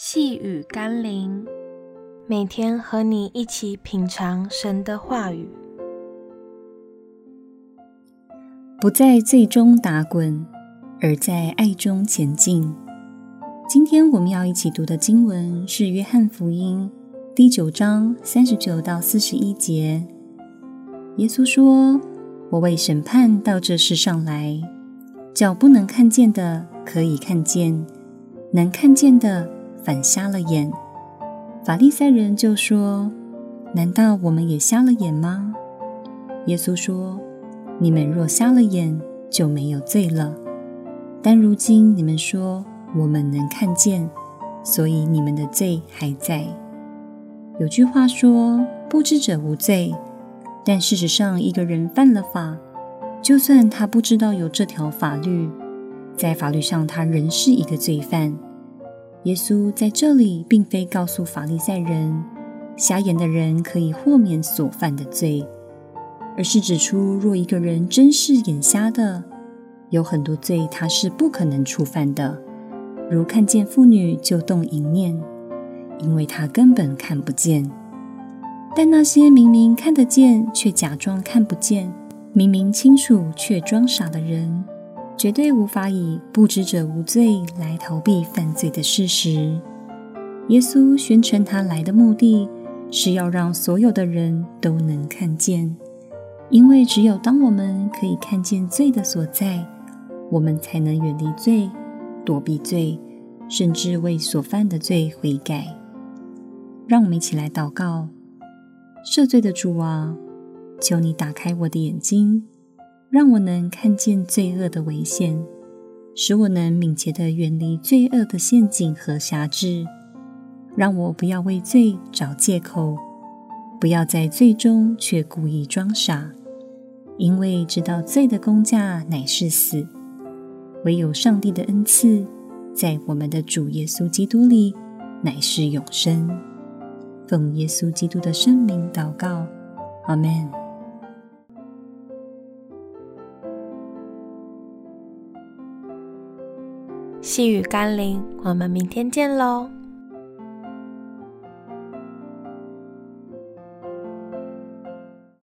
細語甘霖，每天和你一起品嚐神的話語。不在罪中打滾，而在愛中前進。今天我們要一起讀的經文是《約翰福音》第九章三十九到四十一節。耶穌說：“我為審判到這世上來，叫不能看見的可以看見，能看見的，”反瞎了眼，法利賽人就說：“難道我們也瞎了眼嗎？”耶穌說：“你們若瞎了眼，就沒有罪了。但如今你們說我們能看見，所以你們的罪還在。”有句話說：“不知者無罪。”但事實上，一個人犯了法，就算他不知道有這條法律，在法律上，他仍是一個罪犯。耶穌在這裡並非告訴法利賽人，瞎眼的人可以豁免所犯的罪，而是指出，若一個人真是眼瞎的，有很多罪他是不可能觸犯的，如看見婦女就動淫念，因為他根本看不見。但那些明明看得見卻假裝看不見，明明清楚卻裝傻的人。絕對無法以不知者無罪來逃避犯罪的事實。耶穌宣稱他來的目的，是要讓所有的人都能看見，因為只有當我們可以看見罪的所在，我們才能遠離罪、躲避罪，甚至為所犯的罪悔改。讓我們一起來禱告：赦罪的主啊，求你打開我的眼睛。讓我能看見罪惡的危險，使我能敏捷地遠離罪惡的陷阱和轄制，讓我不要為罪找借口，不要在罪中卻故意裝傻，因為知道罪的工價乃是死，唯有上帝的恩賜在我們的主耶穌基督裡乃是永生。奉耶穌基督的聖名禱告，阿們！細語甘霖，我們明天見嘍。